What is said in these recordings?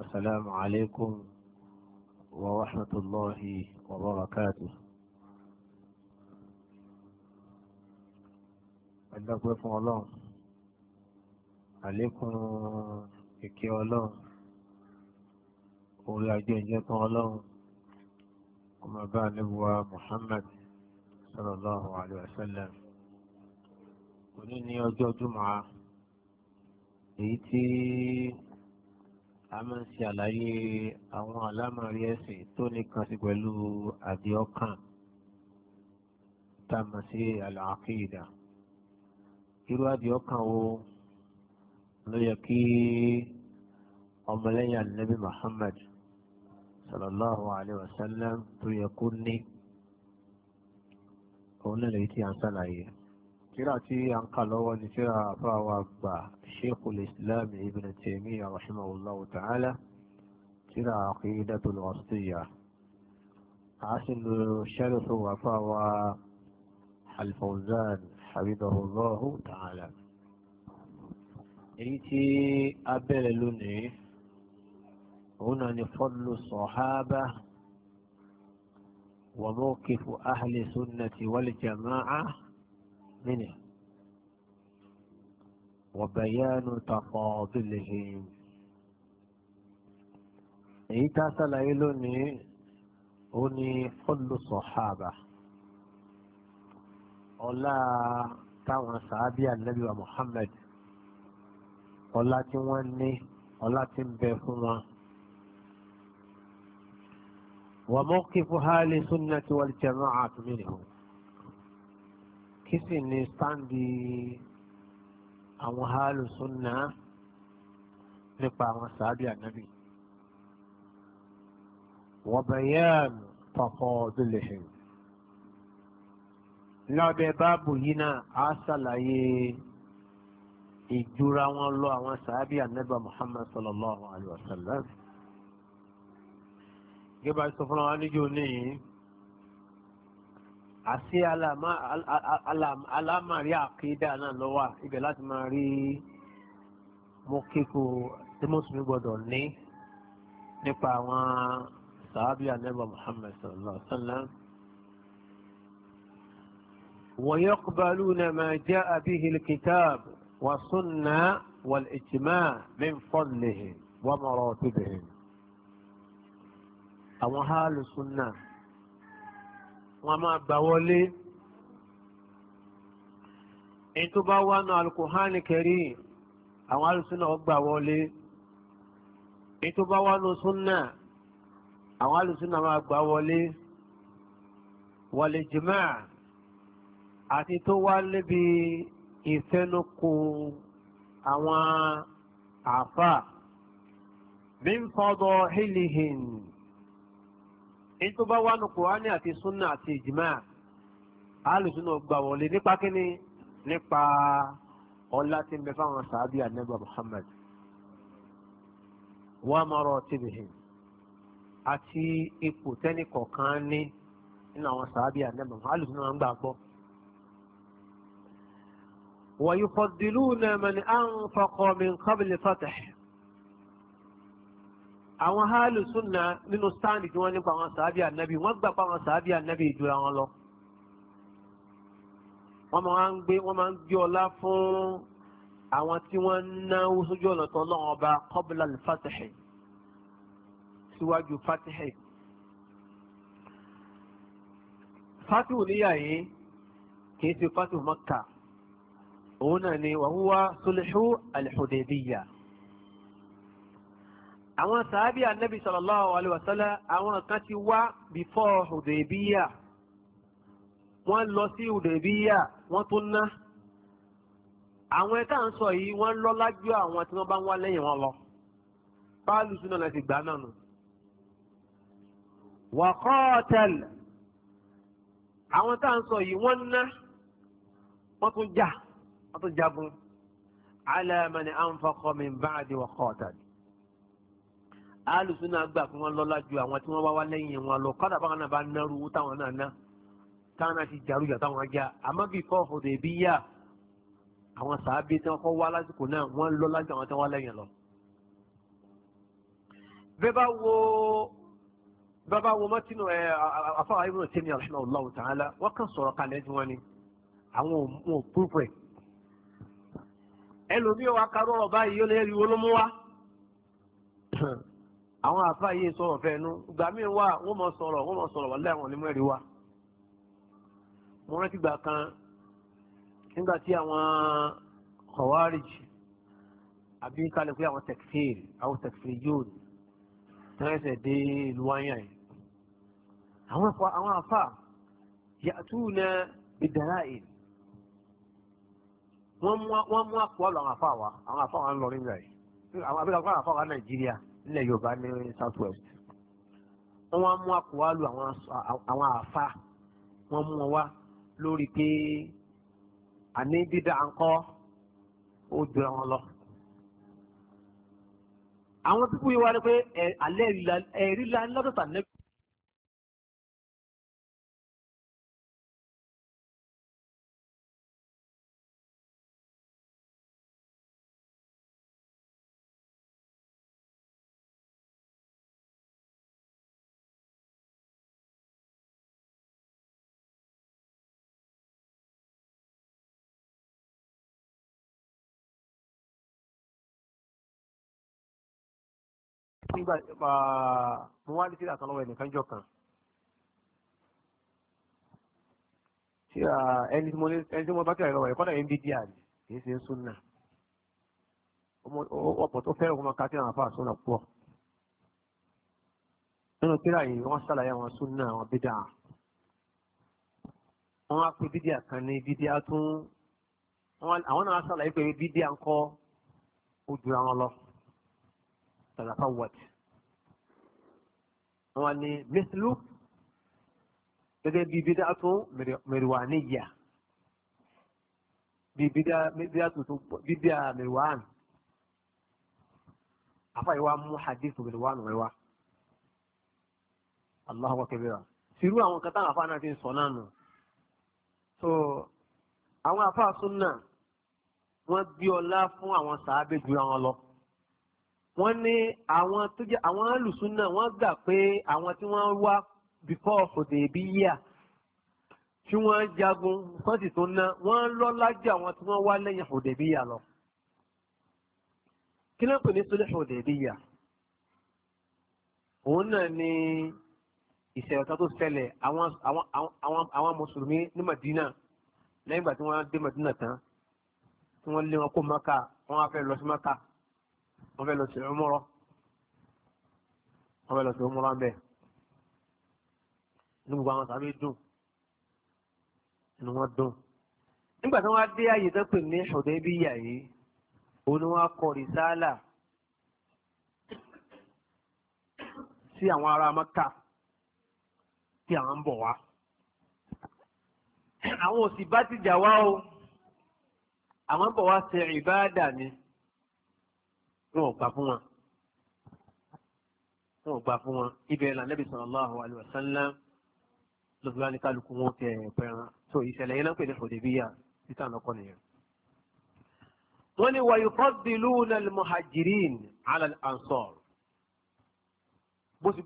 السلام عليكم ورحمة الله وبركاته أدعوكم فún ọlọ́run àlékún ìkẹ́ ọlọ́run orí ajé ìjẹ́ tán ọlọ́run ọmọ bá níbuwa Muhammad sallallahu alayhi wa sallam òní ní ọjọ́ jùmọ̀ èyí tí a máa ń ṣe àlàyé àwọn àlámọ̀rí ẹ̀sìn tó nìkan sí pẹ̀lú àdìọ́kàn tá a mọ̀ sí àlàáfíìdà irú àdìọ́kàn wo ló yẹ kí ọmọlẹ́yìn ànábì Muhammad sallallahu alayhi wa sallam tó yẹ kó ní òun náà lè ti à ń ṣàlàyé. ترى عن أنقل وأن ترى فهو شيخ الإسلام ابن تيمية رحمه الله تعالى ترى عقيدة الوسطية عسل شرح وفاوى الفوزان حفظه الله تعالى إيتي أبل لوني هنا فضل الصحابة وموقف أهل السنة والجماعة منه وبيان تفاضلهم èyí tá Eyi ṣàlàyé lónìí ó ní fọlù sọ̀hábà ọlá táwọn sàábì ànábì wa Muhammad ọlá tí wọ́n ní sunnati wal kí sì ni sáǹdì àwọn alùsùnà nípa àwọn sàábì ànábì wọ́n bayan tafadilihim lábẹ́ báàbù yìí náà á ṣàlàyé ìjúra wọn lọ àwọn sàábì ànábì Muhammad sallallahu alayhi wa sallam gẹ́gẹ́ sọ fún wa níjó níyìí àti alámàrí àkídà náà lọ́wọ́ ibẹ̀ láti máa rí mú kíkó tí mùsùlùmí gbọ́dọ̀ ní nípa àwọn sàábì ànábì Muhammad sallallahu alaihi wa sallam. ويقبلون ما جاء به الكتاب والسنة والإجماع من فضلهم ومراتبهم أو أهل السنة wọn máa gbà wọlé èyí tó bá wà náà alukuhani kẹrí àwọn alùsùnà gbà wọlé èyí tó bá wà náà súnà àwọn alùsùnà máa gbà wọlé wọlé jìmá àti tó wà níbi ìfẹnukò àwọn àfà min fadailihin. èyí tó bá wà nù kùránì àti súnà àti ìjìmá àlùsùnà gbà wọlé nípa kíni nípa ọlá tí ń bẹ fáwọn sàábì ànábà Muhammad wa maratibihim àti ipò tẹ́nì kọ̀ọ̀kan ní nínú àwọn sàábì ànábà Muhammad àlùsùnà máa gbà gbọ́. wa yufaddiluna man anfaqa min qabli fatih àwọn hálù súnà nínú sáàndì tí wọ́n nípa àwọn sàábì ànábì wọ́n gbà pa àwọn sàábì ànábì ìjura wọn lọ. wọ́n máa ń gbé wọ́n máa ń gbé ọlá fún àwọn tí wọ́n ń náwó sójú ọ̀nà tó lọ́wọ́ ọba kọ́bùlà fàtẹ̀hẹ̀ síwájú fàtẹ̀hẹ̀. fatihu níyà kì í ṣe fatihu Makkah òun náà ni wàhúwá sulhu al àwọn sàábì anabi sallallahu alayhi wa sallam àwọn kan ti wá before Hudaybiya wọ́n lọ sí Hudaybiya wọ́n tún ná àwọn ẹ̀ka ń sọ yìí wọ́n lọ́lá ju àwọn tí wọ́n bá ń wá lẹ́yìn wọn lọ páálù súná láti gbà náà nù. wa qatal àwọn tá à ń sọ yìí wọ́n ná wọ́n tún jà wọ́n tún jagun ala man anfaqa min ba'di wa qatal alùsùn náà gbà kí wọ́n lọ́lá ju àwọn tí wọ́n wá wá lẹ́yìn wọn lọ kọ́dà báwọn náà bá náró owó táwọn náà ná táwọn náà ti jàrú jà táwọn ajá àmọ́ bí kọ́ọ̀fù dè bí yá àwọn sàábé tí wọ́n kọ́ wá lásìkò náà wọ́n lọ́lá ju àwọn tí wọ́n lẹ́yìn lọ. bẹ́ẹ̀ bá wo bẹ́ẹ̀ bá wo mọ́tínú ẹ̀ afáwà ibùdó tèmi rahimahullahu ta'ala wọ́n kàn sọ̀rọ̀ kalẹ̀ tí wọ́n ní àwọn àfa yìí sọ̀rọ̀ fẹ́ nu gbà mí wà wọ́n mọ̀ sọ̀rọ̀ wọ́n mọ̀ sọ̀rọ̀ wà láwọn onímọ̀ ẹ̀rí wa. mo rántí gbà kan nígbà tí àwọn kọ̀wárìjì àbí kálẹ̀ pé àwọn tẹ̀kfíìrì àwọn tẹ̀kfíìrì yóò ní tẹ́rẹsẹ̀ dé ìlú wáyà yìí. àwọn àfa yàtú na ìdára ì wọ́n mú àpò àlọ́ àwọn àfa wa àwọn àfa wa ń lọ nígbà yìí àwọn àbíkà kọ́ àwọn àfa wa Nàìjíríà nílẹ̀ Yorùbá ní south west wọ́n wá mú àkùwálù àwọn àfa wọ́n mú wọn wá lórí pé àní dídá ńkọ́ ó jura wọn lọ. àwọn pípú yìí wá ní pé ẹ̀rí la ń lọ́dọ̀ tà nígbà mo wá ní tíra kan lọ́wọ́ ẹnìkan jọ kan tíra ẹni tí mo bá tíra lọ́wọ́ ẹ̀kọ́ náà ń bí díà ni kì í ṣe ń súnà ọ̀pọ̀ tó fẹ́ràn ọmọ kátí àwọn afáà súnà pọ̀ nínú tíra yìí wọ́n ṣàlàyé àwọn súnà àwọn bídà wọ́n á pe bídíà kan ní bídíà tún àwọn náà ṣàlàyé pé bídíà ń kọ́ ojú àwọn lọ tàlàfà wọ̀tí wọn ni mẹsìlú gẹ́gẹ́ bíi bídá tó mẹrìwá níyà bíi bídá tó bídá mẹrìwá nù afa yi wa mú hadith mẹrìwá nù wá Allahu akbar sírú àwọn kan táwọn afa náà fi sọ náà nù so àwọn afa sunna wọn gbé ọlá fún àwọn sàábẹ ju àwọn lọ wọ́n ní àwọn tó jẹ́ àwọn alùsùn náà wọ́n gbà pé àwọn tí wọ́n wá before Hudaybiya tí wọ́n jagun kọ́sì tó ná wọ́n lọ́lá jù àwọn tí wọ́n wá lẹ́yìn Hudaybiya lọ. kí ló ń pè ní sulh Hudaybiya? òun náà ni ìṣẹ̀lẹ̀ kan tó ṣẹlẹ̀ àwọn mùsùlùmí ní Madina lẹ́yìn ìgbà tí wọ́n dé Madina tán tí wọ́n lé wọn kó Maka wọ́n á fẹ́ lọ sí Maka wọ́n fẹ́ lọ sí ọmọrọ wọ́n fẹ́ lọ sí ọmọrọ ń bẹ̀ ní gbogbo àwọn sàbẹ̀ dùn inú wọn dùn nígbà tí wọ́n dé àyè tó pè ní Hudaybiya yìí òun ni wọ́n kọ rìsálà sí àwọn ará Mẹ́kà tí àwọn ń bọ̀ wá àwọn òsì bá ti jà wá o àwọn ń bọ̀ wá ṣe ìbáàdà ni wọn ò gbà fún wọn wọn ò gbà fún wọn ibẹ̀ là nẹ́bí sallallahu alaihi wasallam lọ́dúnrán ní kálukú wọn tẹ ẹ̀pẹ̀rán tó ìṣẹ̀lẹ̀ yẹn náà pè ní fòdèbíyà títà lọ́kọ́ nìyẹn. wọ́n ní wàyí fọ́dìlúùnà al-muhajirin ala al bó ti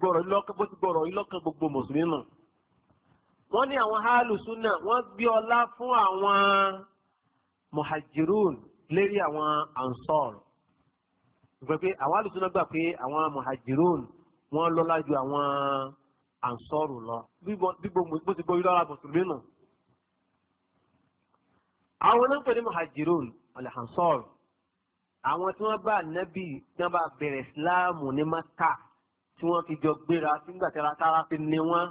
gbọ́rọ̀ ilọ́kàn gbogbo mùsùlùmí nù wọ́n ní àwọn hálù súnà wọ́n gbé ọlá fún àwọn muhajirun lérí àwọn ansar gbẹ pé àwọn alùsùn náà gbà pé àwọn muhajirun wọn lọ́lá ju àwọn ansọ́rù lọ bíbo bó ti gbóyún lọ́la mùsùlùmí nù. àwọn náà ń pè ní muhajirun ọ̀lẹ̀ ansọ́rù àwọn tí wọ́n bá nẹ́bì tí wọ́n bá bẹ̀rẹ̀ síláàmù ní maka tí wọ́n fi jọ gbéra tí nígbà tí ara tára fi ní wọ́n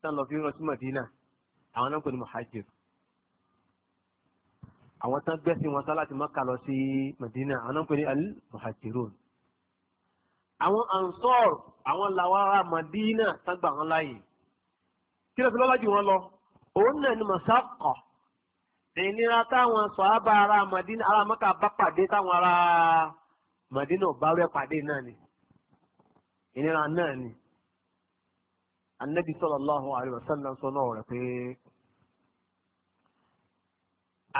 tán lọ fi rọ sí Madina àwọn náà ń pè àwọn tán gbẹ́sìn wọn sá láti Mákà lọ sí Madina àwọn náà ń pè ní al-muhajirun àwọn ansor àwọn làwárà Madina tán gbà wọn láàyè kí ló fi lọ́lá jù wọn lọ òun náà ni masakọ ìnira táwọn sọ̀hábà ara Madina ara Mákà bá pàdé táwọn ará Madina ò bá rẹ́ pàdé náà ni ìnira náà ni anabi sallallahu alaihi wasallam sọ náà rẹ̀ pé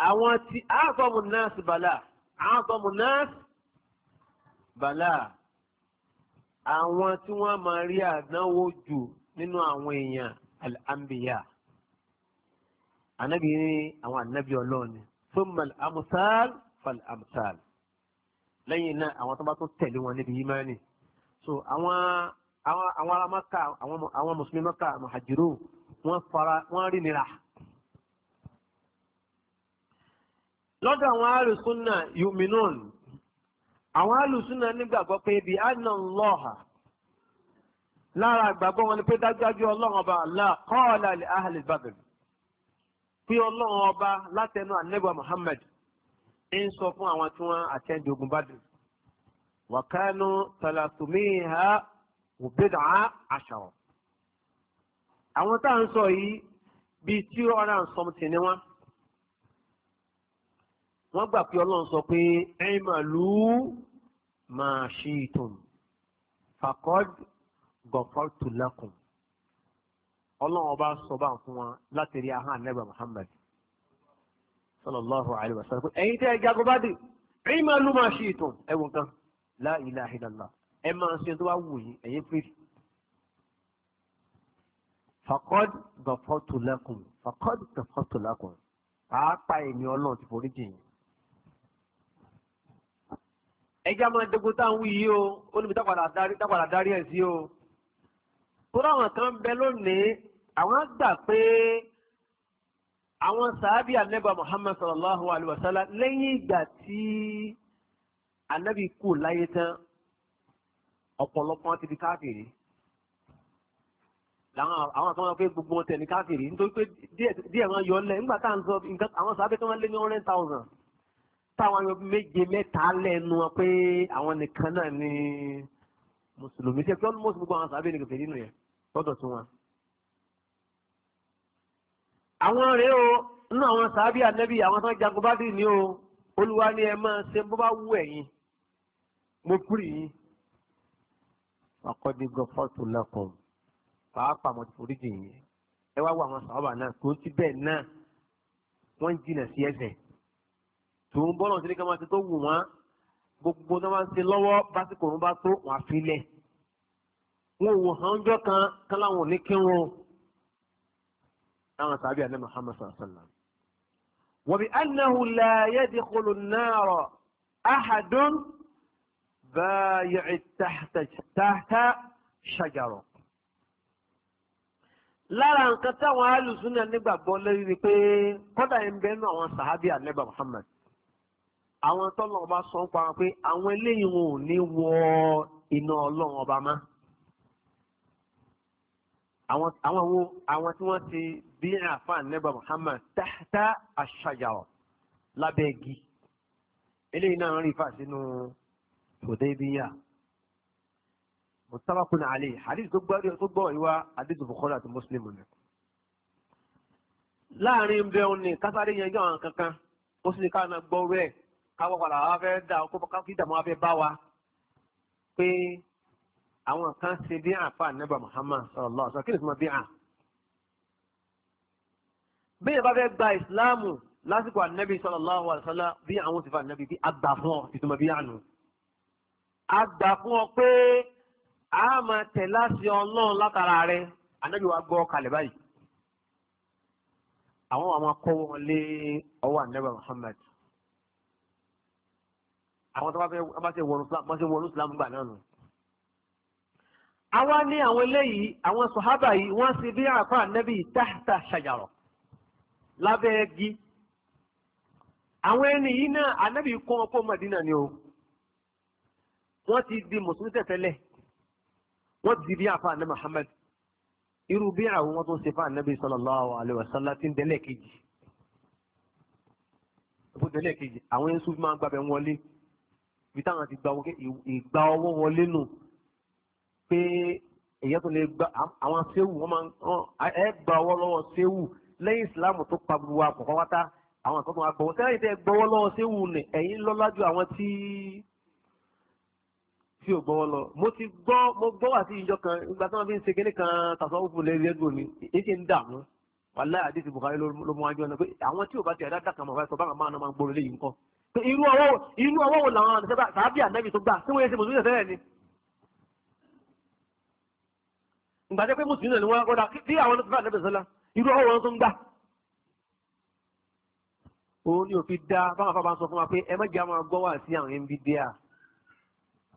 àwọn tí àgọ́mù nọ́ọ̀sì bàlá àgọ́mù nọ́ọ̀sì bàlá àwọn tí wọ́n máa rí àdánwò jù nínú àwọn èèyàn al-anbiya anabi ni àwọn anabi ọlọ́ọ̀ni thumma al-amsal fal-amsal lẹ́yìn náà àwọn tó bá tó tẹ̀lé wọn níbi ìmánì so àwọn àwọn ará maka àwọn mùsùlùmí maka muhajiru wọ́n fara wọ́n rí nira. lọ́dọ̀ àwọn arụsụ na àwọn Awọn nígbàgbọ́ pé ibi anna Allaha lára àgbàgbọ́ wọn ni pé dájúdájú ọlọ́run ọba Allah qala li ahli Badr pé ọlọ́run ọba látẹnu ànẹ́gbà Muhammad ń sọ fún àwọn tí wọ́n àtẹ́ndì ogun Badr wa kanu òbẹ́dà àwọn táà ń sọ yìí bíi wọ́n gbà pé ọlọ́run sọ pé ẹ̀yin màlú máa ṣe ìtàn fàkọ́d gọ̀fọ́tù lakum ọlọ́run ọba sọ bá ń fún wọn láti rí ahọ́n ànábì Muhammad sallallahu alayhi wa sallam pé ẹ̀yin tẹ́ ẹ jagun bá dé ẹ̀yin màlú máa ṣe ìtàn ẹ̀wọ̀n kan la ilaha illallah máa ṣe tó bá wù yín ẹ̀yin fèrè fàkọ́d gọ̀fọ́tù fàkọ́d gọ̀fọ́tù pàápàá èmi ọlọ́run ti forí jìn yín ẹja máa dogun tá ń wí yìí o ó níbi tápàdà darí ẹ̀ sí o. tóra àwọn kan bẹ lónìí àwọn gbà pé àwọn sàábì ànábì Muhammad sallallahu alayhi wa sallam lẹ́yìn ìgbà tí ànábì kú láyé tán ọ̀pọ̀lọpọ̀ ti di káfìrí làwọn àwọn àtọ́wọ́n pé gbogbo ọ̀tẹ̀ ní káfìrí nítorí pé díẹ̀ máa yọ ọ́ lẹ̀ nígbà tá à ń sọ àwọn sàábì tó máa lé ní one thousand táwọn ayọ̀ méje mẹ́ta lẹ́nu wọn pé àwọn nìkan náà ni mùsùlùmí ṣe pé almost gbogbo àwọn sàbẹ̀ nìkan fèrè nù yẹn lọ́dọ̀ tún wọn. àwọn rèé o nínú àwọn sàbẹ̀ ànẹ́bí àwọn tó ń jagun bá dì ní o olúwa ni ẹ máa ṣe bó bá wù ẹ̀yin mo kúrì yín ọkọ̀dé gọfọ́tò lọ́kàn pàápàá mo ti foríjì yín ẹ wá wọ àwọn sàbà náà tó ti bẹ́ẹ̀ náà wọ́n jìnà sí ẹ̀ṣẹ̀ tòun bọ́lọ̀ sí ní ká máa ṣe tó wù wọ́n gbogbo náà máa ń ṣe lọ́wọ́ básìkò òun bá tó wọn àfilẹ̀ wọn ò wò hàn jọ kan kán ò ní kí wọn àwọn sàbí alẹ́ Muhammad sallam wa bi annahu la yadkhulu an-nara ahadun báyìí tahta tahta lára nǹkan táwọn alùsùn náà nígbàgbọ́ lórí ni pé kọ́dà ń bẹ́ẹ̀ nù àwọn sàhábì àlẹ́bà Muhammad àwọn tọ́lọ̀ ọba sọ ń pa wọn pé àwọn eléyìí wọn ò ní wọ iná ọlọ́run ọba mọ́ àwọn wo àwọn tí wọ́n ti bí àfa nẹ́bà Muhammad tahta aṣajara lábẹ́ igi eléyìí náà rí fà sínú Hudaybiya mutabakun ali hadith tó gbọ́ tó gbọ́ ìwà hadith Bukhari àti Muslim ni láàrin bẹ́ẹ̀ ni kásáré yẹn jẹ́ àwọn kankan ó sì ká náà gbọ́ rẹ̀ káwọ́ padà wá fẹ́ dà ó kó kí dàmú wá fẹ́ bá wa pé àwọn kan ṣe bí àfa nẹ́bà Muhammad sallallahu alaihi wasallam kí ni ìtumọ̀ bí à. bí ìyẹn bá fẹ́ gba ìsìláàmù lásìkò ànẹ́bí sallallahu alaihi wasallam bí àwọn ti fa ànẹ́bí bí àgbà fún ọ ìtumọ̀ bí àánú. àgbà fún ọ pé a máa tẹ̀ láti ọlọ́run látara rẹ ànẹ́bí wa gbọ́ kalẹ̀ báyìí. àwọn àwọn akọ́wọ́ lé ọwọ́ ànẹ́bà Muhammad àwọn tó bá fẹ́ wọnú islam gbà náà nù. àwa ní àwọn eléyìí àwọn sọ̀hábà yìí wọ́n ṣe bí àpá ànẹ́bí tahta ṣàjàrọ̀ lábẹ́ igi. àwọn ẹni yìí náà ànẹ́bí kọ́ ọkọ̀ mọ̀dínà ni o wọ́n ti di mùsùlùmí tẹ̀tẹ̀lẹ̀ wọ́n ti di bí àpá ànẹ́ Muhammad irú bí àwọn wọn tó ń ṣe fún ànábì sallallahu alaihi wasallam tí ń délẹ̀ kejì ó délẹ̀ kejì àwọn yẹn sùn máa ń gbàbẹ̀ bí táwọn ti gba ìgbà ọwọ́ wọlé nù pé èyí tó lè gba àwọn séwù wọn máa ẹ gba ọwọ́ lọ́wọ́ séwù lẹ́yìn ìsìláàmù tó pa gbogbo àkọ́kọ́ wáta àwọn àkọ́kọ́ wa gbọ́wọ́ sẹ́yìn tẹ́ gbọ́wọ́ lọ́wọ́ séwù nì ẹ̀yìn lọ́lá ju àwọn tí tí ò gbọ́wọ́ lọ. mo ti gbọ́ mo gbọ́ wà sí ìjọ kan ìgbà tí wọ́n fi ń ṣe kíní kan tàṣọ́wọ́ fún lẹ́yìn lẹ́gbọ̀n mi èyí ń dààmú wàláhì àdìsí Buhari ló mú wájú ọ̀nà pé àwọn tí ò bá ti ẹ̀dá irú ọwọ́ irú ọwọ́ wò làwọn àdìsẹ́bà tàbí ànábì tó gbà tí wọ́n yẹ ṣe mùsùlùmí tẹ́lẹ̀ ni. ìgbà jẹ́ pé mùsùlùmí ni wọ́n kọ́dà tí àwọn ọ̀nà ànábì sọ́lá irú ọwọ́ wọn tó ń gbà. òun ni òfin da báwọn afábá sọ fún wa pé ẹ mẹ́jẹ̀ àwọn agbọ́wà sí àwọn ẹ̀ńbí dé à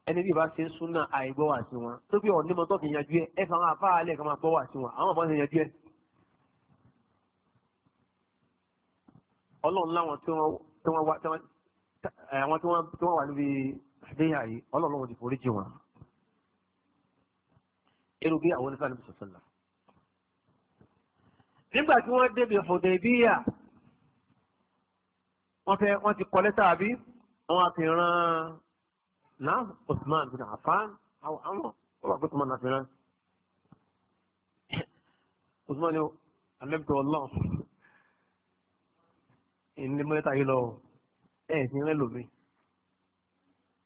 ẹni bí ìbá ṣe ń súnà àìgbọ́wà sí wọn tó bí ọ̀nìmọ̀ tó fi yanjú ẹ ẹ fà wọn àfáà alẹ́ kan máa gbọ́wà sí wọn àwọn àfọwọ́n yanjú ẹ. ọlọ́run láwọn tí wọ́n Eh, àwọn tí wọ́n wà níbi ṣídéyà yìí ọlọ́run ti forí jì wọ́n irú bí àwọn onífẹ́ àníbi sọ̀sọ̀lá nígbà tí wọ́n débi Hudaybiya wọ́n fẹ́ wọ́n ti kọ́ lẹ́tà àbí wọ́n á fi ran náà Osman bin Affan àwọn àwọn ọgbẹ́ tó máa nàfi ran Osman ni alẹ́ bí tó ọlọ́run ìní mọ́lẹ́tà yìí lọ́wọ́ ẹ̀sìn rẹ lòmí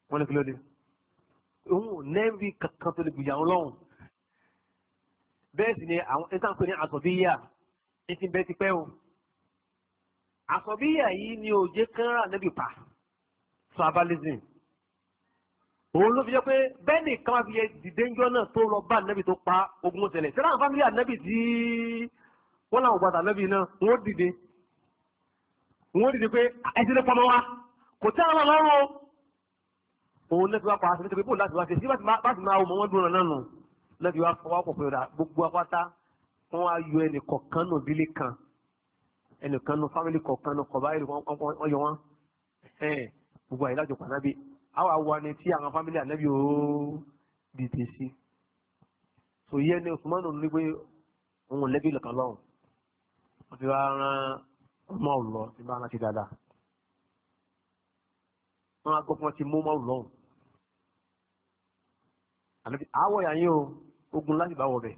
wọ́n ní kí ló òun nẹ́ẹ̀rí kankan tó lè gbìyà wọn bẹ́ẹ̀ sì ni àwọn ẹ̀sán pé ní àsọ̀bíyà ní ti bẹ́ẹ̀ ti pẹ́ o àsọ̀bíyà yìí ni òjé kánra níbi pa tribalism òun ló fi jẹ́ pé bẹ́ẹ̀ nìkan kama fi yẹ dìde ńjọ́ náà tó lọ bá nẹ́bì tó pa ogun ṣẹlẹ̀ sẹ́lá àwọn fámìlì ànẹ́bì tí wọ́n làwọn gbàdà nẹ́bì náà wọ́n dìde wọ́n dìde pé ah, ẹ̀sìn lè pamọ́ wa kò tẹ́ àwọn ọlọ́run òun lẹ́fi wá pa àṣẹ nítorí bóun láti wá ṣe sí bá ti máa mọ wọ́n dúró náà nù lẹ́fi wá wá pọ̀ pẹ̀lú gbogbo apáta wọ́n á yọ ẹnì kọ̀ọ̀kan nù bílé kan ẹnì kan nù fámìlì kọ̀ọ̀kan nù kọ̀ọ̀bá ẹ̀rì wọ́n yọ wọ́n gbogbo àyè lájọpọ̀ ànábì àwọn àwọn ni tí àwọn fámìlì ànábì ó dìde sí so yẹ ni Usman ní pé òun lẹ́bi lọ́kàn lọ́hùn wọ́n mọ́ ọ̀lọ́ tí bá rántí dáadáa wọ́n á gbọ́ pé wọ́n ti mú mọ́ ọ̀lọ́ ànábì àwọ̀ yàyín o ogun láti bá wọ̀ bẹ̀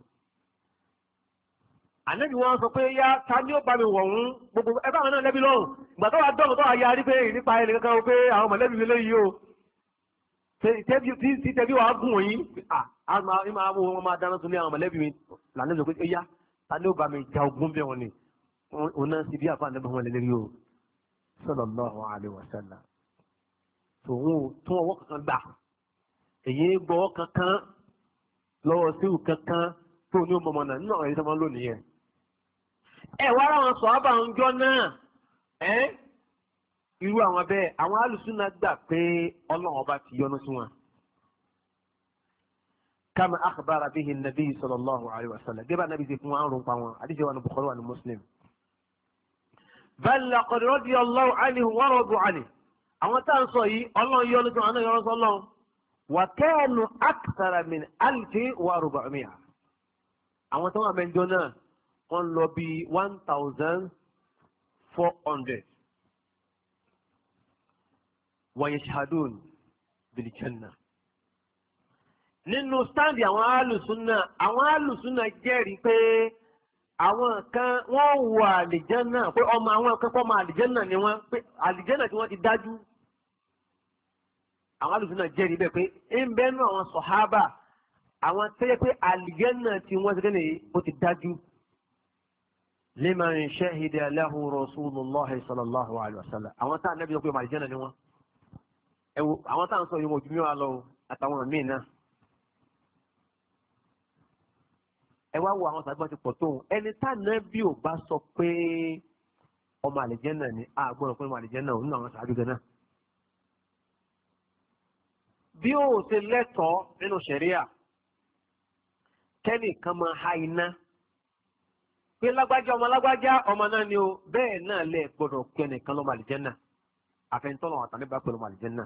ànábì wọn sọ pé yá ta ni ó bá mi wọ̀hún gbogbo ẹ bá àwọn náà lẹ́bi lọ́rùn ìgbà tó wà dọ́nù tó wà yarí pé nípa ẹni kankan o pé àwọn mọ̀lẹ́bí mi léyìí o tí tẹ́bí wàá gùn òyìn àmọ́ àwọn ọmọ adáná tó lé àwọn mọ̀lẹ́bí mi lànà ìjọ pé yá ta ni ó bá mi ja ogun bí wọn ni òun náà sì bí àfa ànábì wọn lélẹ́rí o sallallahu alaihi wasallam tòun ò tún ọwọ́ kankan gbà èyí ń gbọ́ kankan lọ́wọ́ síwù kankan tó ní ọmọ ọmọ náà nínú àwọn ìdánwò lónìí yẹn. ẹ wá ra àwọn sọ̀rọ̀ àwọn ọjọ́ náà ẹ́ irú àwọn bẹ́ẹ̀ àwọn alùsùnà gbà pé ọlọ́run ọba ti yọ́nú sí wọn. kama akhbara bihi nabi sallallahu alaihi wasallam gẹ́gẹ́ bá ti fún wa ń rún wọn àdìsẹ́ wa ní Bukhari wa ní Muslim bal laqad radiyallahu anhu wa radu anhu àwọn tá à ń sọ yìí ọlọ́run yọ lóṣù àwọn yọrọ sọlọ́run wa kanu akthara min alfi wa rubu'miya àwọn tó wà mẹ́jọ náà wọ́n lọ bí one thousand four hundred wa yashhadun bil nínú sáǹdì àwọn alùsùn náà àwọn alùsùn náà jẹ́rìí pé àwọn kan wọ́n wo àlìjánà pé ọmọ àwọn kan kọ́ ọmọ àlìjánà ni wọ́n pé àlìjánà tí wọ́n ti dájú. àwọn alùpùpù náà jẹ́rìí bẹ́ẹ̀ pé ń bẹ́ẹ̀ nù àwọn sọ̀hábà àwọn tẹ́lẹ̀ pé àlìjánà tí wọ́n ti dẹ́nu yìí ó ti dájú. liman shahida lahu rasulullah sallallahu alayhi wa àwọn táà nẹ́bí yọ pé ọmọ àlìjánà ni wọ́n. àwọn táà sọ yìí wọ́n ojú ẹ wá wo àwọn sàgbọ́n ti pọ̀ tó ẹni tá ànábì ò bá sọ pé ọmọ àlìjẹ́nà ni àgbọ̀n pé ọmọ àlìjẹ́nà ò nínú àwọn sàájú gan náà. bí ó ṣe lẹ́tọ̀ọ́ nínú ṣẹ̀ríà kẹ́nìkan máa ha iná pé lágbájá ọmọ lágbájá ọmọ náà ni o bẹ́ẹ̀ náà lẹ̀ gbọ́dọ̀ pé ẹnìkan lọ́mọ àlìjẹ́nà àfẹnitọ́lọ́ àtàlẹ́bà pẹ̀lú ọmọ àlìjẹ́nà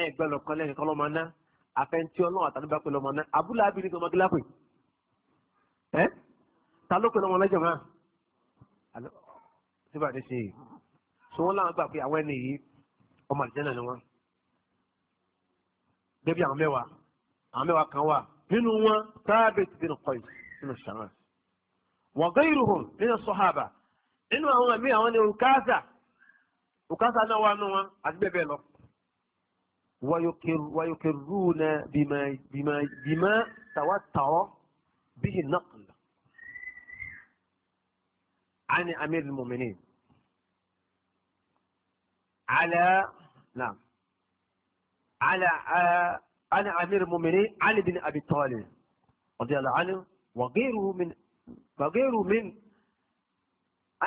ẹ̀ gbẹ́lọ̀ kan lẹ́nìkan lọ́mọ náà àfẹnití ọlọ́run àtàlẹ́bà pẹ̀lú ọmọ náà abúlé abirin mọ́gílápẹ̀ ẹ́ eh? ta ló pẹ̀lú wọn lẹ́jọ̀ máa síbàdí ṣe yìí so wọ́n láwọn gbà pé àwọn ẹni yìí ọmọ àlìjẹ́nà ni wọ́n débi àwọn mẹ́wàá àwọn mẹ́wàá kan wà nínú wọn Thabit bin Qais nínú sàmà wa ghayruhum nínú sọ́hábà nínú àwọn àmì àwọn ni òkàṣà òkàṣà náà wà nù wọn àti bẹ́ẹ̀ bẹ́ẹ̀ lọ wayukiruna bima bima bima tawatara bihi naql عن أمير المؤمنين على نعم على آه، انا أمير المؤمنين علي بن أبي طالب رضي الله عنه وغيره من وغيره من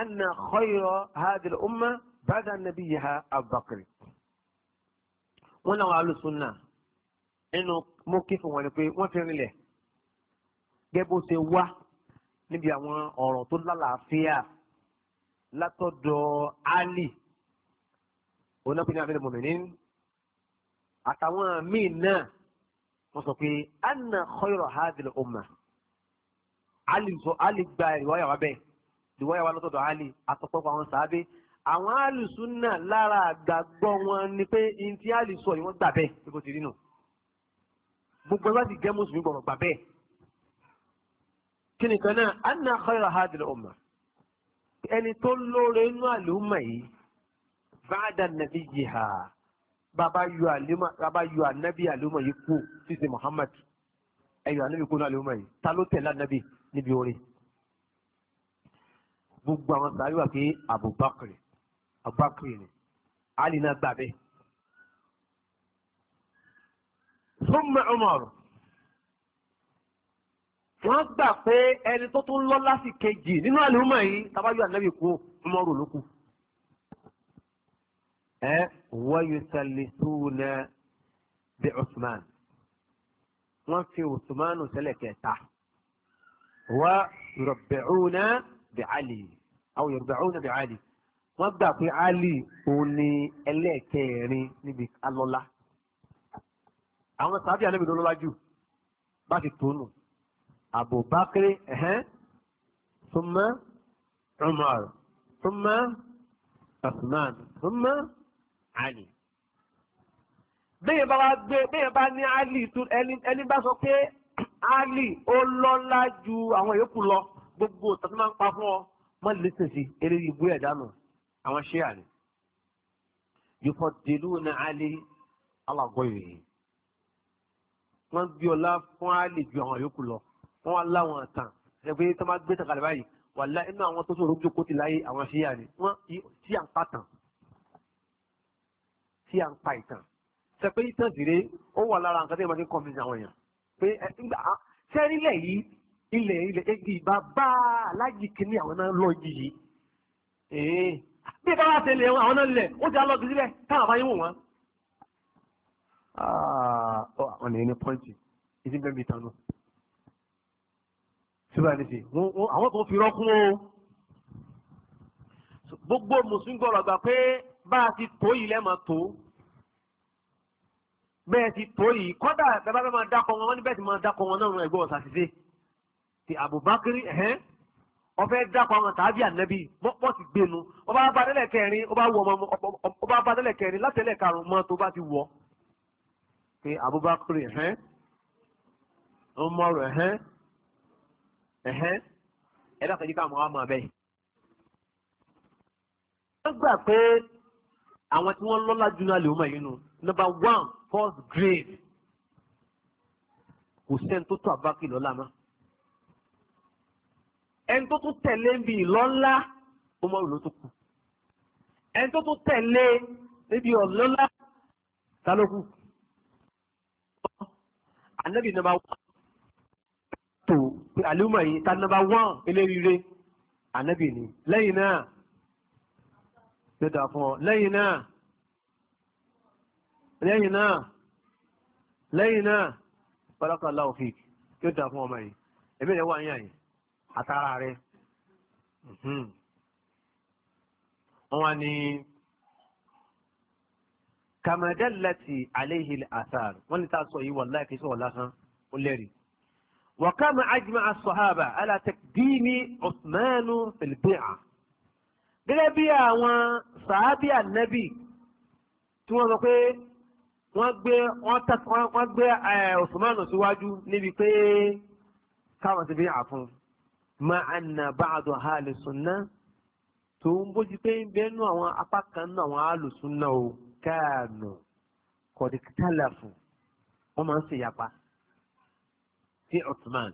أن خير هذه الأمة بعد نبيها أبو بكر wọ́n láwọn alùsùnà nínú mú ونقول fún wọn ni pé wọ́n fi rinlẹ̀ gẹ́gẹ́ bó ṣe látọ̀dọ̀ ali onápínlẹ̀ abẹ́rẹ́ mọ̀mìnín àtàwọn míì náà wọ́n sọ pé anna khayra hadhihi ummah ali sọ ali gba ìwáyà wa bẹ́ẹ̀ ìwáyà wa látọ̀dọ̀ ali àtọ̀pọ̀pọ̀ àwọn sàábé àwọn alùsùnà lára àgbàgbọ́ wọn ni pé ntí ali sọ yìí wọ́n gbà bẹ́ẹ̀ bí kò ti rí nù gbogbo ẹgbẹ́ ti jẹ́ mùsùlùmí gbọ̀ngàn gbà bẹ́ẹ̀ kí nìkan náà anna khayra hadhihi ummah. ẹni tó lóore inú àlùmọ̀ yìí báàdà nàbí yìhà bàbá yọ ànábì àlùmọ̀ yìí kú títí Muhammad ẹ̀yọ̀ ànábì kú àlùmọ̀ yìí ta ló tẹ̀lé ànábì níbi gbogbo àwọn sàárè wà pé Abubakar Abubakar Ali wọ́n gbà pé ẹni tó tún lọ́lá sí kejì nínú àlùmọ̀ yìí tábàyọ̀ ànábì kú ọmọrò ló kù. ẹ wọ́yọ̀ sẹ́lẹ̀ sóònà bí Usman wọ́n fi Usman sẹ́lẹ̀ kẹta wá yọ̀bẹ̀ọ́nà bí Ali àwọn yọ̀bẹ̀ọ́nà bí Ali wọ́n gbà pé Ali òun ni ẹlẹ́ẹ̀kẹrin níbi alọ́lá àwọn sábíà níbi lọ́lá jù bá ti tó nù. Abubakar ẹ̀hẹ́n thumma Umar thumma Usman thumma Ali bẹ́yẹn bá wá gbé bẹ́yẹn bá ní Ali ẹni bá sọ pé Ali ó lọ́lá ju àwọn yòókù lọ gbogbo tàbí máa ń pa fún ọ mọ́ lẹ́sìn sí eré ìbú ẹ̀dá nù àwọn ṣé àlè yòókọ̀ dèlú ní Ali alágọ̀ wọ́n gbé ọlá fún Ali ju àwọn yòókù lọ wọ́n wá láwọn àtàn ẹgbẹ́ tó máa gbé tàkàlẹ̀ báyìí wà lá inú àwọn tó sòrò jókòó ti láyé àwọn ṣíyà ni wọ́n tí à ń pa tàn tí à ń pa ìtàn ṣe pé ìtàn sì rèé ó wà lára nǹkan tó yẹ máa fi ń kọ́mí àwọn èèyàn pé sẹ́rílẹ̀ yìí ilẹ̀ ilẹ̀ egi bàbá alájì kìíní àwọn náà lọ yìí bí bá wá tẹ̀lé àwọn náà lẹ̀ ó ti á lọ sí sílẹ̀ táwọn àbáyé wò wọ́n. Ah, àwọn ènìyàn pọ́ǹtì ìdí bẹ́ẹ̀ mi tán náà síbà nìsí àwọn kan fi rọ́kún o gbogbo mùsùlùmí gbọ́dọ̀ gbà pé bá a ti tó yìí lẹ́mọ̀ tó bẹ́ẹ̀ ti tó yìí kọ́dà bẹ́ẹ̀ bá máa dákọ̀ wọn wọ́n ní bẹ́ẹ̀ ti máa dákọ̀ wọn náà ẹ̀gbọ́n ṣàṣìṣe ti Abubakar ẹ̀hẹ́n ọfẹ dákọ àwọn tàbí ànábì bọ́ ti gbénu ọba abadẹ́lẹ̀ kẹrin ọba abadẹ́lẹ̀ kẹrin látẹ̀lẹ̀ karùn mọ́ tó bá ti wọ̀ pé Abubakar ẹ̀hẹ́n Umar ẹ̀hẹ́n ẹ̀dá kan jíkà àwọn ọmọ bẹ́ẹ̀. wọ́n gbà pé àwọn tí wọ́n lọ́lá jù náà lè wọ́n yìí nù number one first grade kò sẹ́ni tó tó àbákì lọ́lá mọ́. ẹni tó tún tẹ̀lé ń bi ìlọ́lá ó mọ̀ ló tó kù. ẹni tó tún tẹ̀lé níbi ọ̀lọ́lá ta ló kù. ànábì number one tó pé àlùmọ̀ yìí ta nọ́mbà wọ́n eléríire ànábì ni lẹ́yìn náà yóò dà fún ọ lẹ́yìn náà lẹ́yìn náà lẹ́yìn náà barakallahu fik yóò dà fún ọmọ yìí ẹ̀mí rẹ̀ wà ní àyè àtàrà rẹ̀ mhm. wọ́n wá ní kàmẹ́dẹ́lẹ́tì àléhìl àtàr wọ́n ní tá a sọ yìí wà láìpẹ́ sọ̀rọ̀ lásán ó lẹ́rìí. وكما أجمع الصحابة على تقديم عثمان في البيعة gẹ́gẹ́ bí àwọn sàábì ànábì tí wọ́n sọ pé wọ́n gbé wọ́n gbé eh, Usman síwájú níbi pé káwọn ti bí àfún ma anna ba'du ahli sunna tó ń bójú pé ń bẹnu àwọn apá kan náà àwọn ahli sunna o káànù kọ̀dìkítàlà fún wọ́n máa ń ṣèyapa sí Usman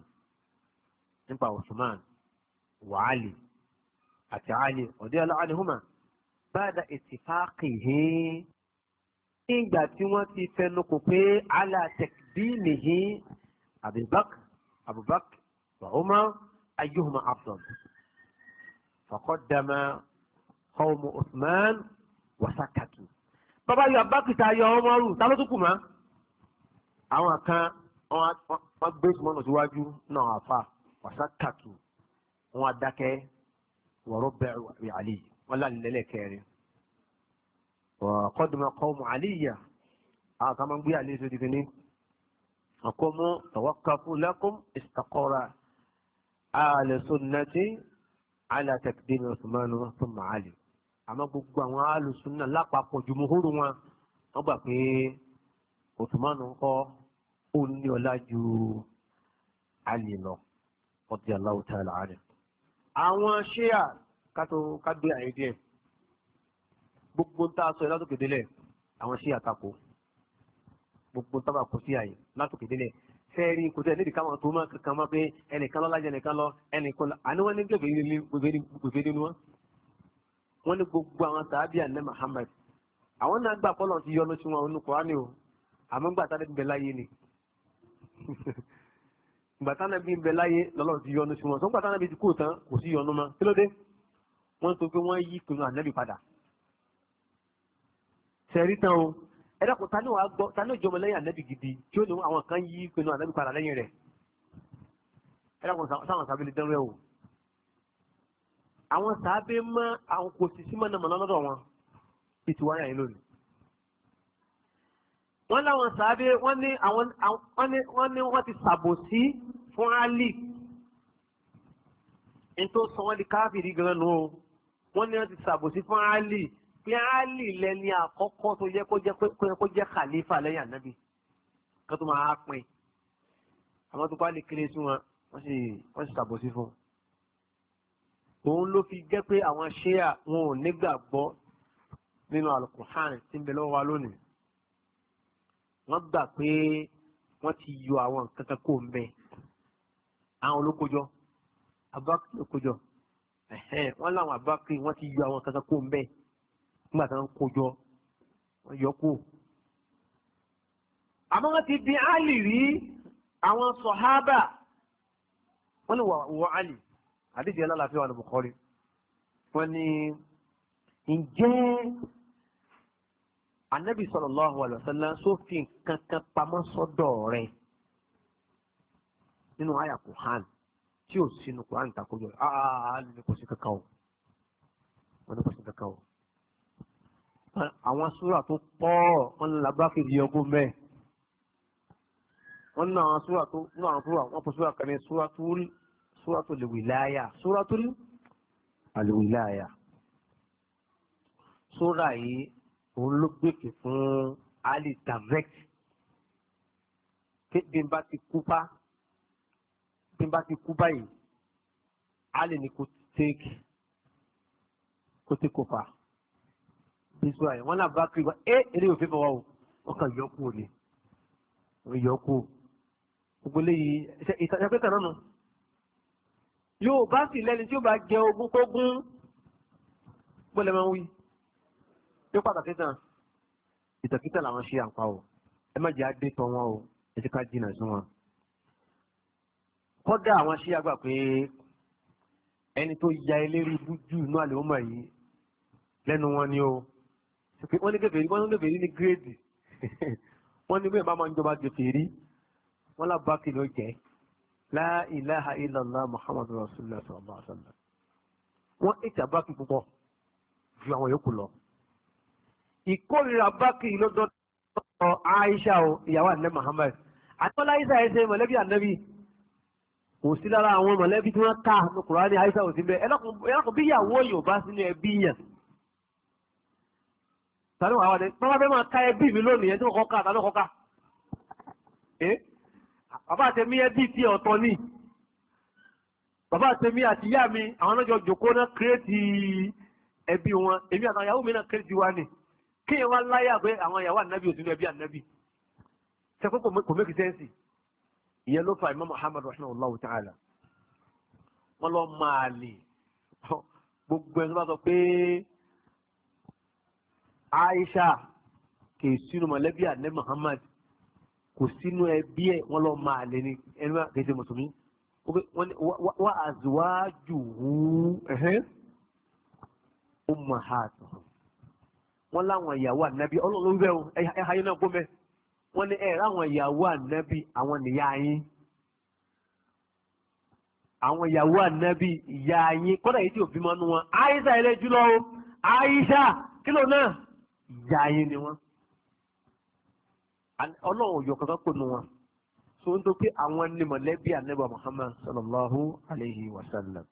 nípa Usman wa Ali àti Ali radiyallahu anhuma ba'da ittifaqihim nígbà tí wọ́n ti fẹnukò pé ala takdimihi Abubakar Abubakar wa Umar ayyuhuma afdal faqaddama qawmu Usman wa sakatu bàbá yọ abákìtà yọ ọmọ rù ta ló tún kù mọ́ àwọn kan. wọ́n gbé ìsúmọ́nà síwájú náà àfa wàsá kàtù wọ́n adákẹ́ wọ̀rọ̀ bẹ̀rù àlè wọ́n lálẹ́lẹ́ kẹrin kọ́dùmọ̀ kọ́mù àlìyà àwọn kan máa ń gbé àlè sódì kìíní ọkọ̀mọ́ tọ̀wọ́kàfù lakum istaqara ahlu sunnati ala taqdimi Usmanu thumma àmọ́ gbogbo àwọn sunna lápapọ̀ jùmọ̀ hóró wọn wọ́n gbà pé kọ́ ó ní ọlá ju alì lọ ọdí aláwòtá láàrin àwọn ṣíà kátó kágbé àìdíẹ̀ gbogbo tá a sọ látòkè délẹ̀ àwọn ṣíà tako gbogbo tá a kò sí àyè látòkè délẹ̀ fẹ́ẹ̀rí kò tẹ̀ nídìí káwọn tó máa kankan máa pé ẹnìkan lọ lájẹ ẹnìkan lọ ẹnìkan lọ àní wọ́n ní gbèbè nínú wọn wọ́n ní gbogbo àwọn sàábì àná Muhammad àwọn náà gbà pọ́lọ̀ ti yọ ọ́nà tí wọn ò ní kọ́ o àmọ́ gbà tá a lè bẹ̀ láyé ni gbàtánà bí ń bẹ láyé lọ́lọ́run ti yọ́nú sí wọn sọ gbàtánà bí ti kú tán kò sí yọ́nú mọ́ kí ló dé wọ́n tó pé wọ́n yí pinnu ànábì padà sẹ̀rí tán o ẹ dákun ta ni wàá gbọ́ ta ni òjòmọ lẹ́yìn ànábì gidi tí ó ní àwọn kan yí pinnu ànábì padà lẹ́yìn rẹ̀ ẹ dákun sáwọn sábẹ́lẹ̀ dánwẹ́ o àwọn sábẹ́ mọ́ àwọn kò sì sí mọ́nàmọ́ná lọ́dọ̀ wọn ètò wáyà lónìí wọ́n láwọn sàábé wọ́n ní àwọn wọ́n ní wọ́n ti sàbòsí fún Ali ní tó sọ wọ́n di káfìrí gan nù o wọ́n ní wọ́n ti sàbòsí fún Ali pé Ali lẹ́ni àkọ́kọ́ tó yẹ kó jẹ́ kó jẹ́ khalifa lẹ́yìn ànábì kan tó máa pin àwọn tó bá lè kéré sí wọn wọ́n sì wọ́n sì sàbòsí fún òun ló fi jẹ́ pé àwọn ṣéyà wọn ò nígbàgbọ́ nínú àlùkùránì tí ń bẹ lọ́wọ́ wa lónìí wọ́n gbà pé wọ́n ti yọ àwọn kankan kó ń bẹ àwọn olókojọ́ abákiri olókojọ́ wọ́n láwọn abákiri wọ́n ti yọ àwọn kankan kó ń bẹ nígbà tí wọ́n kojọ́ wọ́n yọ kó. àmọ́ wọ́n ti bí Àlì rí àwọn sọ̀hábà wọ́n lè wọ Àlì àdéjì ẹlọ́lá wà ní wọ́n ní ǹjẹ́ anabi sallallahu alaihi wasallam sófin kankan pamọ́ sọ́dọ̀ rẹ̀ nínú àyà Qur'an tí ò sínú Qur'an takojọ aa ah, ah, ah, ní kò sí kankan o wọn ní kò sí kankan o àwọn súrà tó pọ̀ wọn ní labáfi di ọgbọ́n mẹ́ẹ̀ wọn ní àwọn súrà tó ní àwọn súrà wọn kò súrà kan ní súratul súratul wilaya súratul alwilaya súrà yìí òun ló gbèsè fún ali direct bí n bá ti kú bá bí n bá ti kú báyìí ali ni kò tẹ́ẹ̀kì kò tẹ́ kópa bísú àyè wọn náà bá kiri wá eh, ẹ eré òfin fọwọ́ o wọn kàn yọ kú òní wọn yọ kú gbogbo eléyìí ìtajà pé kàn náà nù yóò bá sì lẹ́ni tí yóò bá jẹ ogún kógún gbọ́dọ̀ máa wí ní pàtàkì tán ìtàkìtà làwọn ṣe àǹpa o ẹ má jẹ́ adé tọ́ wọn o ẹ ti ká jìnnà sí wọn. kọ́dà àwọn ṣe àgbà pé ẹni tó ya eléré bújú inú àlè ọmọ yìí lẹ́nu wọn ni o wọ́n ní kèfèrí wọ́n ní kèfèrí ní gírèdì wọ́n ní bẹ́ẹ̀ bá máa ń jọba kèfèrí wọ́n lábàá kí ló jẹ́ la ilaha illallah muhammadu rasulullah sallallahu alaihi wa sallam wọ́n ètò àbákí púpọ̀ ju àwọn yòókù lọ ìkórira bákìrì lọ́dọ̀ Aisha o ìyàwó ànábì Muhammad àtọ́lá Aisha ẹsẹ̀ mọ̀lẹ́bí ànábì kò sí lára àwọn mọ̀lẹ́bí tí wọ́n kà ní Kùránì Aisha ò sí bẹ́ẹ̀ ẹlọ́kùn bí ìyàwó yóò bá sínú ẹbí yàn tàbí wàá wà ní bàbá bẹ́ẹ̀ máa ká ẹbí mi lónìí ẹni tó kọ́ ká tàbí kọ́ ká bàbá àtẹ̀mí ẹbí ti ọ̀tọ̀ ni bàbá àtẹ̀mí àti ìyá mi àwọn ọlọ́jọ́ kéèyàn wá láyà pé àwọn ìyàwó ànábì ò sínú ẹbí ànábì ṣe pé kò mẹ́kì sẹ́ǹsì ìyẹn ló fa Imam Muhammad rahimahullahu ta'ala wọ́n lọ máa lè gbogbo ẹni bá sọ pé Aisha kì í sínú mọ̀lẹ́bí ànábì Muhammad kò sínú ẹbí ẹ̀ wọ́n lọ máa lè ní ẹni bá kìí mùsùlùmí wọ́n àzùwájú wú ummahatuhum wọ́n láwọn ìyàwó ànábì ọlọ́run bẹ́ẹ̀ o ẹ ayé náà gómẹ wọ́n ní ẹ̀rọ àwọn ìyàwó ànábì àwọn nìyá yín àwọn ìyàwó ànábì ìyá yín kọ́dà yìí tí ò bímọ nu wọn àyíṣà ilé jùlọ o àyíṣà kílò náà ìyá yín ni wọ́n ọlọ́run òyò kankan kò nu wọn tó ń tó pé àwọn ní mọ̀lẹ́bí ànábì Muhammad sallallahu alayhi wa sallam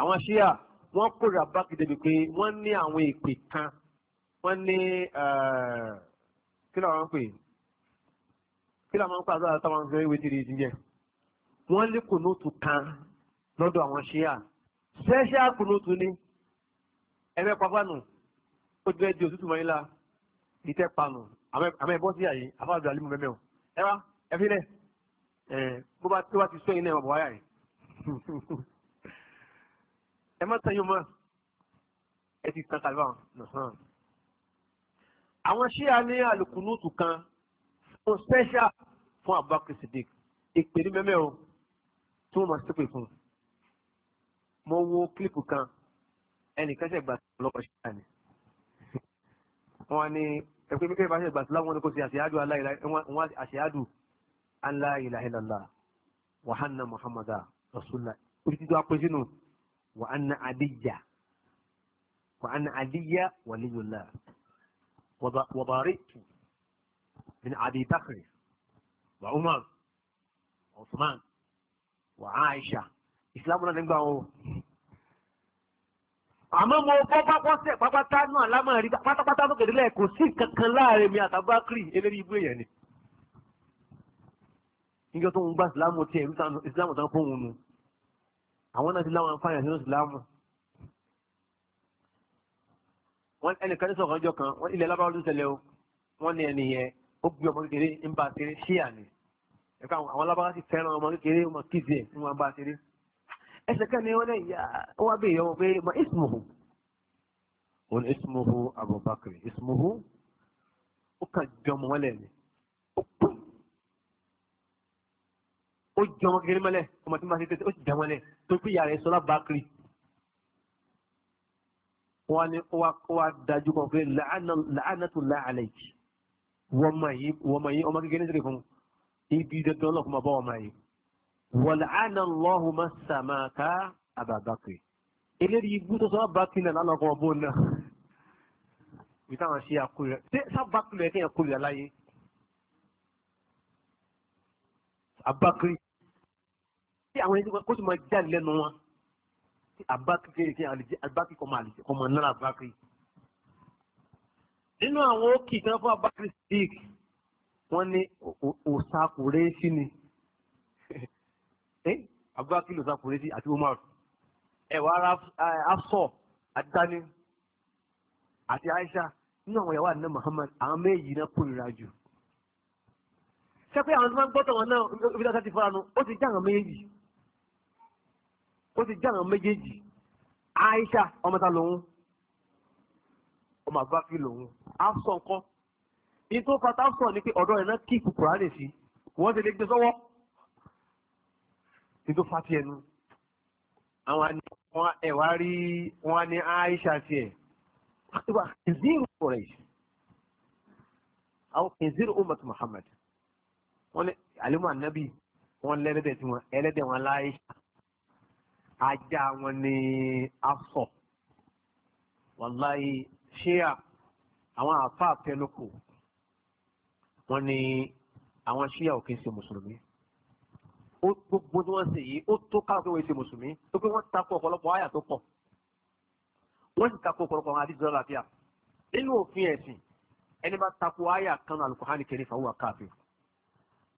àwọn ṣíà wọ́n kóra bá kìdébi pé wọ́n ní àwọn ìpè kan wọ́n ní eh, kí làwọn ń pè kí làwọn ń pè àdúrà táwọn ń sọ ìwé tìrì ìdíyẹ wọ́n lé kùnúùtù kan lọ́dọ̀ àwọn ṣíà special kùnúùtù ni ẹ̀fẹ́ pàpánù ó jẹ́ di òtútù mọ́ ilá ìtẹ́ panù àmọ́ ẹ̀bọ́ sí àyè àfáàdù àlímù mẹ́mẹ́ o ẹ wá ẹ fi lẹ̀ ẹ bó bá tí wá ti sọ iná ẹ̀wọ̀n bọ̀wáyà rẹ̀ ẹ má tẹ̀yìn mọ́ ẹ ti tàn kàlùbà náà àwọn ṣíà ní àlùkùnútù kan fún special fún Abubakar Siddiq ìpè ní mẹ́mẹ́ o tí wọ́n máa ṣépè fún un mo wo kílípù kan ẹnìkan ṣẹ̀gbà lọ́kọ̀ ṣíà ni wọ́n ní ẹgbẹ́ kékeré bá ṣẹ̀gbà síláwọ́n ní kò sí àṣeyádù àṣeyádù anla ilaha wa anna muhammadu rasulullah orí títí wàá sínú wa anna adiyya wa anna adiyya waliyullah. وبرئت من أبي بكر وعمر وعثمان وعائشة ìsìlámù náà nígbà wọn. àmọ́ mo bọ́ pápọ́sẹ̀ pápátá náà lámà rí pátápátá tó kéde lẹ́ẹ̀kọ́ sí kankan láàrin mi àtàbákìrì eléyìí ibú èèyàn ni. níjọ́ tó ń gba ìsìlámù tiẹ̀ ìsìlámù tán fóun nu àwọn náà ti láwọn afáyàn sínú ìsìlámù. wọ́n ẹnìkan ní sọ̀kan ọjọ́ kan wọ́n ilẹ̀ lábáwọ́ ló ń ṣẹlẹ̀ o wọ́n ní ẹni yẹn ó gbé ọmọ kékeré ń bá ṣeré ṣíà ni ẹ̀ka àwọn lábáwá ti fẹ́ràn ọmọ kékeré ọmọ kìsì ẹ̀ ń wọ́n bá ṣeré ẹsẹ̀ kan ní wọ́n lẹ́yìn wọ́n wá bèèrè ọmọ pé ma ismuhu wọ́n ní ismuhu Abubakar ismuhu ó kàn jọ ọmọ wọn lẹ́nu ó pè ọmọ kékeré mọ́lẹ̀ ọmọ tí wọ́n bá tẹ́tẹ́ ó sì jẹ́ wọn lẹ̀ tó wọ́n ní wá dájú kan pé làánàtò láàlẹ́jì wọ́n mọ̀ yí ọmọ kékeré ní sílẹ̀ fún ibi dandan lọ́kùn máa bá wọn máa yí wọ́n làánà lọ́hùn máa sàmáka àbàbàkì eléyìí ibú tó sọ bákì náà lálọ́kọ̀ ọ̀bọ̀ náà bí táwọn ṣe àkórira ṣé sábàkì lọ ẹ̀kẹ́ àkórira láyé àbàkì tí àwọn ẹni kó sì máa jáde lẹ́nu wọn abakiri kéèké abakiri kọ́mọ àlìjẹ kọ́mọ náírà abakiri. nínú àwọn òkì kan fún abakiri sidik wọ́n ní òsàkùrẹ́sì ni abakiri eh? òsàkùrẹ́sì àti umar ẹ̀wọ̀ ara afọ adani àti aisha nínú àwọn ìyàwó àná muhammad àwọn méjì náà kórìíra jù. sẹ́pẹ́ àwọn tó máa ń gbọ́tọ̀ wọn náà ibi tí wọ́n ti fọ́ra nu ó ti já àwọn méjì ó ti já àwọn méjèèjì Aisha ọmọ ta lòun ọmọ Abubakar lòun Afsọ nǹkan ní tó fata Afsọ ni pé ọ̀dọ́ rẹ̀ náà kí ìkùkùrà rẹ̀ sí wọ́n ti lè gbé sọ́wọ́ ní tó fati ẹnu àwọn ẹ̀wà rí wọn ní Aisha tiẹ̀ wà kìzíìrù Quraysh àwọn kìzíìrù umat Muhammad wọ́n ní àlùmọ́ ànábì wọ́n lẹ́lẹ́dẹ̀ tí wọ́n ẹlẹ́dẹ̀ wọn láìsà ajá wọn ni afọ wàláyé ṣíà àwọn àáfàá tẹnukù wọn ni àwọn ṣíà ò kí ń ṣe mùsùlùmí ó gbogbo tí wọ́n ṣe yìí ó tó káwọn pé wọ́n ṣe mùsùlùmí tó pé wọ́n takò ọ̀pọ̀lọpọ̀ àyà tó pọ̀ wọ́n sì takò ọ̀pọ̀lọpọ̀ àwọn àdìsí lọ́làbíà nínú òfin ẹ̀sìn ẹni bá takò àyà kan Al-Qur'ani fàwọn káàfin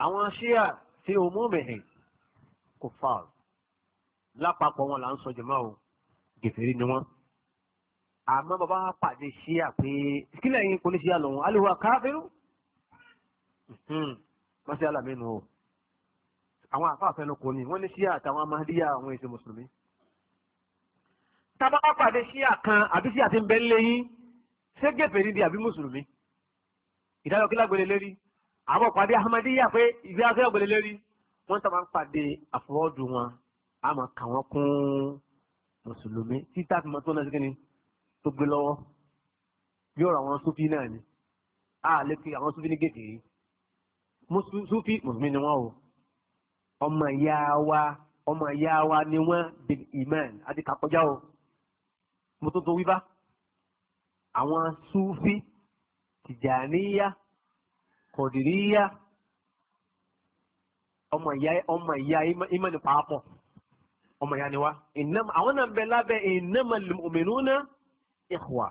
àwọn ṣíà ti òmùmẹ̀hìn kò fáàlù lápapọ̀ wọn là ń sọ jùmọ́ o gèfèrí ni wọ́n. àmọ́ bàbá wa pàdé ṣíà pé kílẹ̀ yín kò ní ṣíà lòun aliwa káfíru wọ́n ṣe hmm, alámínú o àwọn àfáàfẹ́ ló kò ní wọ́n ní ṣíà àtàwọn amáríyá àwọn èsì mùsùlùmí. tábà bá pàdé ṣíà kan àbí ṣíà ti ń lẹ́yìn ṣé gèfèrí ni àbí mùsùlùmí ìdájọ́ kí lágbèrè lérí àwọn pàdé ahmadiyya pé ìgbéyàwó gbèrè lérí wọ́n tábà ń pàdé àfọwọ́dù wọn a máa kà wọ́n kún mùsùlùmí tí táàbì mọ́tò náà síkẹ́ni tó gbé lọ́wọ́ bí ọ̀rọ̀ àwọn súfì náà ni a lè fi àwọn súfì ní gègé yìí súfì mùsùlùmí ni wọ́n o ọmọ ìyá wa ọmọ ìyá wa ni wọ́n di iman àti kàkọjá o mo tó tó wí bá àwọn súfì tìjàníyà kọ̀dìríyà ọmọ ìyá ọmọ ìyá ìmọ̀ pàápọ̀ ọmọ ìyá ni wá ìnáma àwọn náà bẹ lábẹ́ ìnáma al-mu'minuna ikhwa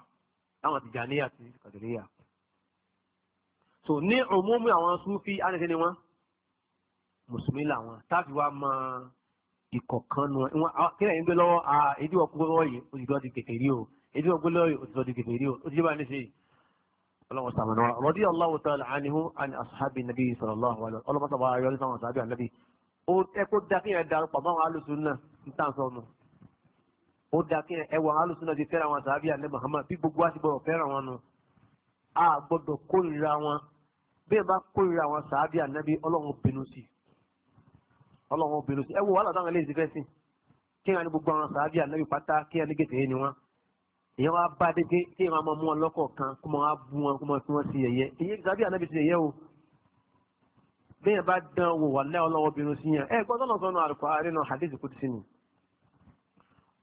àwọn Tìjàníyà àti Kàdìríyà so ní òmùmí àwọn Súfì ánìkẹ́ ni wọ́n mùsùlùmí làwọn táàbí wa mọ ìkọ̀kan nu wọn kílẹ̀ yín gbé lọ́wọ́ èdè ọkùnrin lọ́wọ́ yìí òtítọ́ di kẹfẹ́ rí o èdè ọkùnrin lọ́wọ́ yìí òtítọ́ di kẹfẹ́ rí o ó ti bá ní ọlọ́wọ́ sàmánà wa radiyallahu ta'ala anhu an ashabi nabi sallallahu alaihi wa sallam ọlọ́mọ sábà ayọ́lẹ́sàn àwọn sábà ó ẹ kó da kí ẹ darúpọ̀ mọ́ àwọn alùsùn náà ń tàn sọnù ó da ẹ wọ àwọn alùsùn náà ti fẹ́ràn àwọn sàábì àlẹ́ Muhammad bí gbogbo fẹ́ràn wọn a gbọ́dọ̀ kórìíra wọn bí ẹ bá kórìíra àwọn sàábì ànábi ọlọ́run bínú sí ọlọ́run bínú sí ẹ wo wàhálà táwọn eléyìí ti fẹ́ sìn kí ní gbogbo àwọn pátá kí ní gètè ni wọn wá bẹ́ẹ̀ bá dán wò wà lẹ́wọ̀n lọ́wọ́ sí yẹn ẹ gbọ́dọ̀ náà àrùkọ náà hadith kò sí ni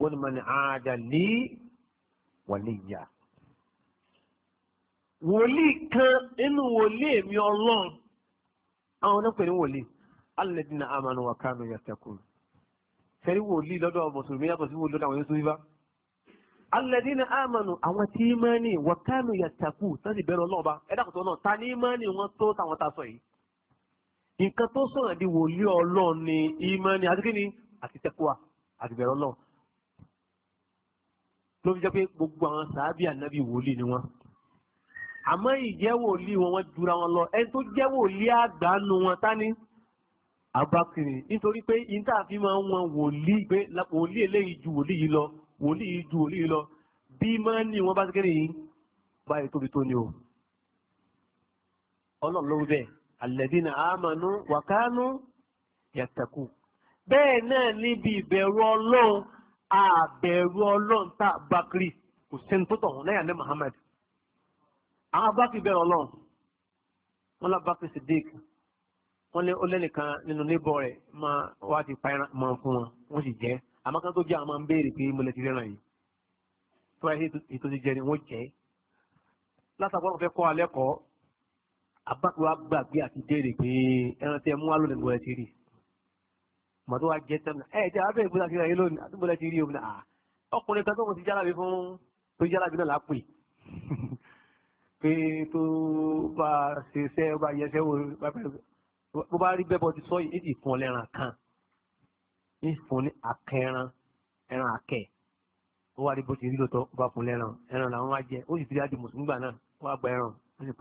wọ́n ni mọ̀ni kan inú wòlíì mi ọlọ́run àwọn onípẹ̀ ní wòlíì alẹ́dínà àmàlù wà kánú yàtẹ̀kùn fẹ́rí wòlíì lọ́dọ̀ mùsùlùmí yàtọ̀ sí wòlíì lọ́dọ̀ àwọn yóò àmàlù àwọn tí wà kánú tó bẹ̀rù ẹ̀dá kòtò náà ta ní tó táwọn nǹkan tó sọ̀rọ̀ di wòlíì ọlọ́run ni ìmánì àti kíni àti tẹ́kùwà àti bẹ̀rẹ̀ ọlọ́run ló fi jẹ́ pé gbogbo àwọn sàábì ànábì wòlíì ni wọ́n àmọ́ ìjẹ́ wòlíì wọn wọ́n jura wọn lọ ẹni tó jẹ́ wòlíì àgbà nu wọn tání abakiri nítorí pé ìta fi máa ń wọn wòlíì pé wòlíì eléyìí ju wòlíì yìí lọ wòlíì yìí ju wòlíì yìí lọ bí máa ń ní bá ti kéde yìí báyìí tóbi tó ni o ọlọ́run ló wí bẹ́ẹ̀ alladhina amanu wa kanu yattaqu bẹ́ẹ̀ náà níbi ìbẹ̀rù ọlọ́run àbẹ̀rù ọlọ́run tá a bá kiri kò sẹ́ni tó tọ̀hún lẹ́yìn alẹ́ Muhammad àwọn abákì bẹ̀rù ọlọ́run wọn lọ bákì Siddiq wọn lé ó lẹ́nìkan nínú níbọ̀ rẹ̀ máa wá ti pa ẹran máa fún wọn wọn sì jẹ́ àmọ́ kan tó jẹ́ àwọn máa ń béèrè pé mo lè ti rẹ́ràn yìí tó wáyé ètò ti jẹ ni wọ́n jẹ́ látàgbọ́n abáko wa gbàgbé àti déèrè pé ẹran tí ẹ mú wá lónìí mo lẹ ti rí mọ tó wá jẹ tẹmí ẹ jẹ abẹ ìbúra ti rà yín lónìí àti mo lẹ ti rí omi náà ọkùnrin kan tó mo ti jálábi fún tó jálábi náà lápè pé tó bá ṣe iṣẹ́ bá yẹsẹ́ wo bó bá rí bẹ́bọ̀ ti sọ yìí ti fún ọ lẹ́ran kan ní fún ní akẹ́ ẹran ẹran akẹ́ ó wá rí bó ti rí lóòótọ́ bá fún lẹ́ran ẹran làwọn wá jẹ ó sì ti rí àdìmọ̀sùn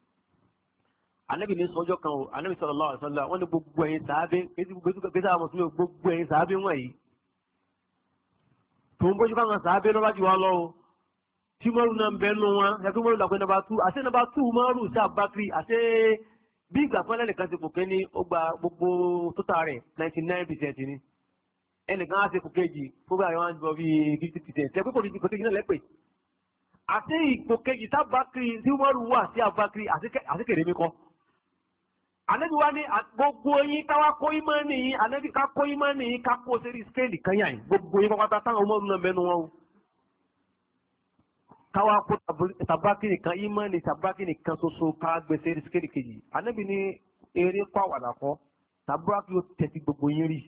anabi ní sọjọ́ kan o anabi sallallahu alaihi wasallam wọ́n ní gbogbo ẹ̀yin sàábé gbèsè àwọn mùsùlùmí gbogbo ẹ̀yin sàábé wọ̀nyí tó ń bójú káwọn sàábé lọ́wọ́ jù wá lọ o tí mọ́rù náà ń bẹ́ nù wọn ẹgbẹ́ mọ́rù làgbẹ́ nàbà tú àti nàbà tú mọ́rù sí àbákiri àti bí ìgbà fún ẹnìkan ti kòkè ní ó gba gbogbo tótà rẹ̀ ninety nine percent ni ẹnìkan á ti kòkè jì fúgbà yẹn wọn gbọ́ bíi fifty percent ẹ pé kò ní kòkè jì náà lẹ́pẹ̀ àti ìkòkè jì sábàkiri tí mọ́rù wà sí àbákiri àti kèrèmí kọ́ ànábì wa ní gbogbo yín káwá kó ìmọ̀ nìyí ànábì ká kó ìmọ̀ nìyí ká kó sẹ́rí skéèlì kan yà yín gbogbo yín pápátá táwọn ọmọ ọmọ mẹ́nu wọn o káwá kó tàbákì nìkan ìmọ̀ ní tàbákì nìkan ṣoṣo ká gbé sẹ́rí skéèlì kejì ànábì ní eré kó àwàdà kọ́ tàbákì ó tẹ̀sí gbogbo yín rí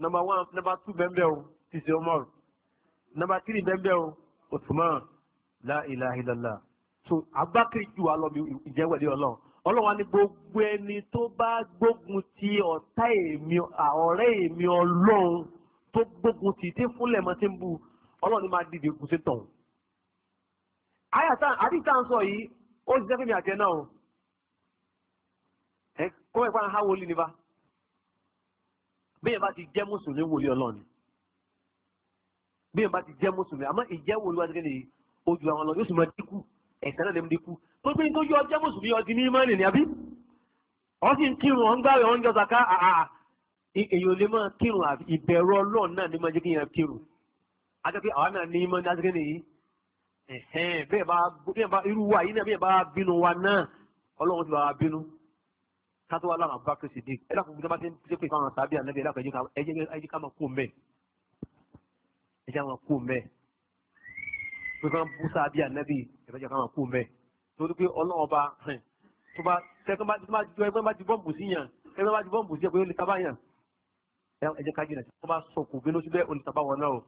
nọmba one nọmba two bẹ́ẹ̀ o ti ṣe nọmba three bẹ́ẹ̀ o Usman la ilaha illallah so abákì ju alọ́ mi ìjẹ́wẹ̀lẹ́ ọlọ́run ọlọ́wà ní gbogbo ẹni tó bá gbógun ti ọ̀tá èmi ọ̀rẹ́ èmi ọlọ́run tó gbógun ti tí fúnlẹ̀ mọ́ tí ń bu ọlọ́run ní máa dìde kù sí tàn. àti ìta ń sọ yìí ó ti sẹ́fẹ̀mí àjẹ náà ẹ kọ́ ẹ̀kọ́ àwọn wòlíì nípa bẹ́ẹ̀ bá ti jẹ́ mùsùlùmí wòlíì ọlọ́run bẹ́ẹ̀ bá ti jẹ́ mùsùlùmí àmọ́ ìjẹ́ wòlíì wá sí kéde ojú àwọn ọlọ́run yóò sì máa dínkù ẹ̀sẹ̀ náà lè mú dínkù tó gbé ní tó yọ ọjọ́ mùsùlùmí ọdí ní mọ́ọ̀nì ni àbí wọ́n sì ń kírun ọ̀n gbáwẹ̀ ọ̀n jọ́sà ká àà èèyàn lè máa kírun àbí ìbẹ̀rù ọlọ́run náà ní máa jẹ́ kí yẹn kírun ajẹ́pẹ́ àwa náà ní mọ́ ní ajẹ́kẹ́ nìyí bẹ́ẹ̀ bá irú wa yìí náà bẹ́ẹ̀ bá bínú wa náà ọlọ́run ti bá bínú kátó wa láwọn abúlé kìrìsì dé ẹ dákun bí wọ́n ti ń pèsè fáwọn pé kí wọ́n bú sábì ànábì ìfẹ́jọ́ káwọn kú mẹ́ torí pé ọlọ́run ọba tó bá tẹ́kọ́ bá jọ ẹgbẹ́ bá ti bọ́ǹbù sí yàn ẹgbẹ́ bá ti bọ́ǹbù sí yàn pé ó lè tábà yàn ẹ jẹ́ ká jìnà tó bá sọ kò bínú síbẹ̀ ó lè tábà wọn náà o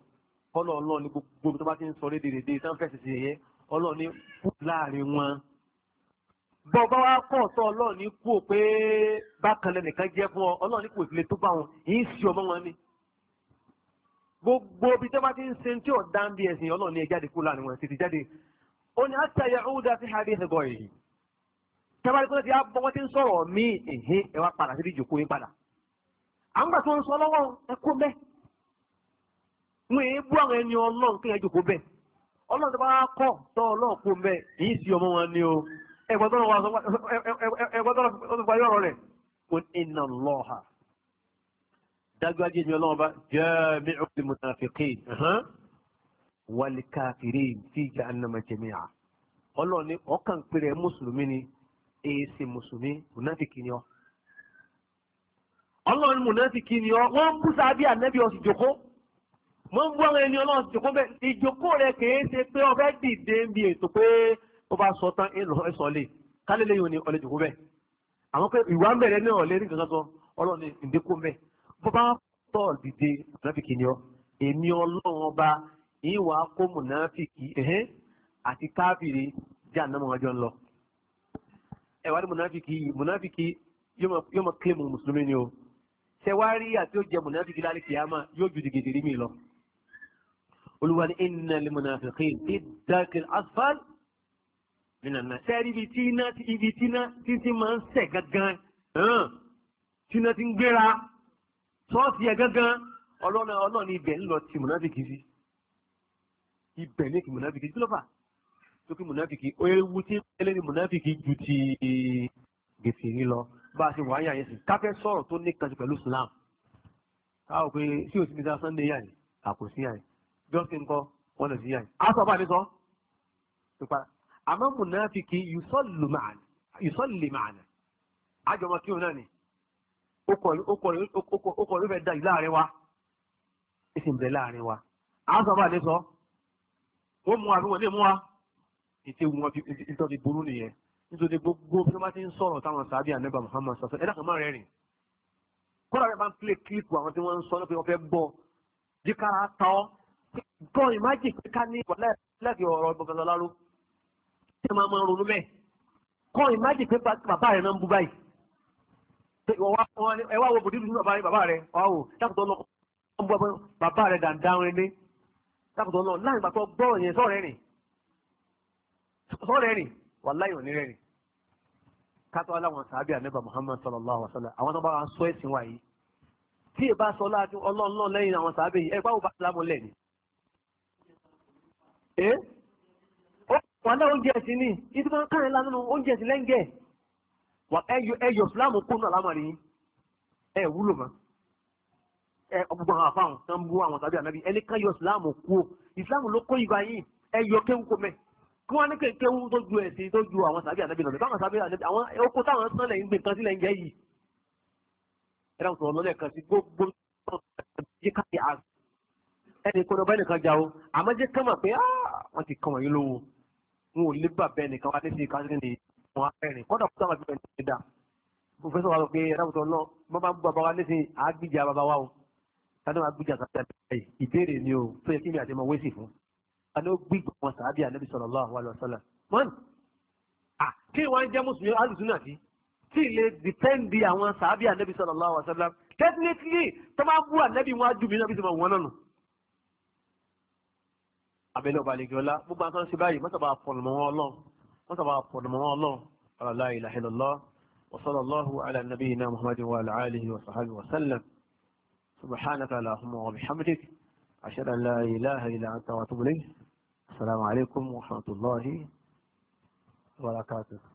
kọ́lọ̀ ọlọ́run ní gbogbo tó bá ti ń sọ léde léde sáńfẹ́ sì ṣe yẹ ọlọ́run ní kú láàrin wọn. bọ́ bá wá kọ́ ọ̀tọ́ ọlọ́run ní kú ò pé bákan lẹ́nìkan jẹ́ fún ọ ọlọ́run ní kò sì tó bá wọn yìí ń ṣe ọmọ wọn ni. gbogbo ibi tó bá ti ń sin tí ò dá bí ẹ̀sìn ọlọ́run ní ẹ jáde kúrò ya wọn títí jáde ó ní àtà yahuda fi hàdí ẹ̀sìn bọ̀ èyí tẹ́wájú kó ti á bọ́ wọ́n ti ń sọ̀rọ̀ mí ìhín ẹ wá padà síbi ìjòkó yín padà à ń gbà tó ń sọ lọ́wọ́ ẹ kó bẹ́ẹ̀ èyí bú àwọn ẹni ọlọ́run jòkó bẹ́ẹ̀ dájúwájú èmi ọlọ́run bá jami'u lil-munafiqin wal-kafirin fi jahannama jami'a ọlọ́run ní ọkàn péré mùsùlùmí ni èsì mùsùlùmí mùnáfìkì ni ọ. ọlọ́run mùnáfìkì ni ọ wọ́n ń bú sábíà nẹ́bí ọ̀sìn jòkó wọ́n ń bú àwọn ẹni ọlọ́run jòkó bẹ́ẹ̀ ìjòkó rẹ̀ kìí ṣe pé ọbẹ̀ dìde ń bi ètò pé ó bá sọ tán èlò ẹ̀sọ́ lè kálẹ̀ bó bá tọ̀ dìde mùnáfìkì ni ọ èmi ọlọ́run ọba ìwà kó mùnáfìkì àti káfìrí jẹ́ ànámọ́ ọjọ́ ń lọ ẹ̀wá ní mùnáfìkì mùnáfìkì yóò mọ kílèmù mùsùlùmí ni o ṣẹwárí àti ó jẹ mùnáfìkì lálẹ́ kìámà yóò ju dìgèdè rí mi lọ olúwa ní iná lè mùnàfíkì ní dákìl asfal nínàná sẹ́rí ibi tí iná ibi tí iná ti ti máa ń sẹ̀ gangan tíná ti ń gbéra ṣọ́ọ̀ṣì yẹn gángan ọlọ́run ọlọ́run ibẹ̀ ńlọ ti mùnáfíkì sí ibẹ̀ ní kí mùnáfíkì sí lọ́fà tó kí mùnáfíkì ewu tí ẹlẹ́ni mùnáfíkì ju ti gèsè rí lọ bá a ṣe wáyà yẹn sí káfẹ́ sọ̀rọ̀ tó ní kanṣu pẹ̀lú Islam káwọ̀ pé sí òsì nígbà Sunday yà ní àkòsí yà ní jọ́sìn kọ́ wọn lọ sí yà ní. sọ bá mi sọ àmọ́ mùnáfíkì yusọ́lì màánà àjọmọ́ kí òun náà ni ó kọ̀ ló fẹ́ da yìí láàrin wa èsì ń bẹ láàrin wa àwọn sábà lè sọ wọ́n mú wa lè mú wa ètè wọn fi burú nìyẹn nítorí gbogbo bí wọ́n bá ti ń sọ̀rọ̀ táwọn sábì ànábà Muhammad sọ̀tọ̀ ẹ̀dá kan máa rẹ̀ rìn kódà bẹ́ẹ̀ bá ń plé kílípù àwọn tí wọ́n ń sọ pé wọ́n fẹ́ bọ̀ jíkára ta ọ́ gan ìmájì pé ní ìwà lẹ́ẹ̀kì ọ̀rọ̀ gbọ̀ngàn lọ́láró ẹwà wo bùdíbù sínú bàbá rẹ ọwọ dákùtọ̀ lọ ń bọ́ bàbá rẹ̀ dàndáwìn ní dákùtọ̀ lọ láì gbàtọ̀ gbọ́rọ̀ yẹn sọ́ọ̀rẹ́ rìn wà ní kátó aláwọn sàábì Muhammad àwọn sọ wa yìí tí ì bá sọ láti ọlọ́ọ̀lọ́ lẹ́yìn àwọn sàábì yìí ẹ bá ó wà oúnjẹ wà ẹyọ ẹyọ fúlàmù kónú àlámàrí ẹ wúlò mọ́ ẹ gbogbo àwọn àfáwọn tó ń bú àwọn tàbí ànábì ẹni ká yọ ìsìláàmù kú o ìsìláàmù ló kó ìgbà yìí ẹ yọ kéwù kó mẹ kí wọn ní kéwù tó ju ẹsìn tó ju àwọn tàbí ànábì lọlẹ báwọn tàbí ànábì àwọn oko táwọn sàn lẹ́yìn gbé nǹkan sílẹ̀ ń jẹ yìí ẹ dáhùn sọ̀rọ̀ lọlẹ kan sí gbogbo yìí káyà á ẹni kó lọ bá ẹnìkan jà o àmọ́ jẹ́ ká mà pé ah! wọ́n ti kàn wọ́n yín lówó wọn ò lé gbà bẹ́ẹ̀ nìkan wá àwọn arìnrìn kọ́dà kó sábà bíbẹ̀ ní ìdá pòfẹ́sọ̀ wa sọ pé ẹ̀dáwùtọ̀ lọ bọ́n bá ń gbọ́ bàbá wa léṣe àágbìjà bàbá wa o tani wa gbìjà sàbíà bẹ́ẹ̀ ìbéèrè ni o tó yẹ kí mi àti ọmọ wẹ́sì fún tani ó gbìgbà wọn sàbíà Ànábì sallallahu alaihi wasallam wọn à kí wọn jẹ́ mùsùlùmí alùsùn náà sí tí ilé dìpẹ́ǹdì sallallahu alaihi wasallam technically tó máa bú ànábì wọn ajú mi náà bí sọ wọn náà nù abẹ́lẹ́ ọba àlejò ọlá gbogbo àtọ́nṣe báyìí mọ́tàbà fọ̀nùmọ́ wọn ọlọ́run wọ́n sábà pọ̀dùmọ́ ọlọ́run alàlá ìlàhìlọ́lọ́ wasallallahu ala nabiyina muhammadin wa ala alihi wa sahbihi wa sallam subhanaka allahumma wa bihamdik ashhadu an la ilaha illa anta wa atubu ilayk assalamu alaikum wa rahmatullahi wa barakatuh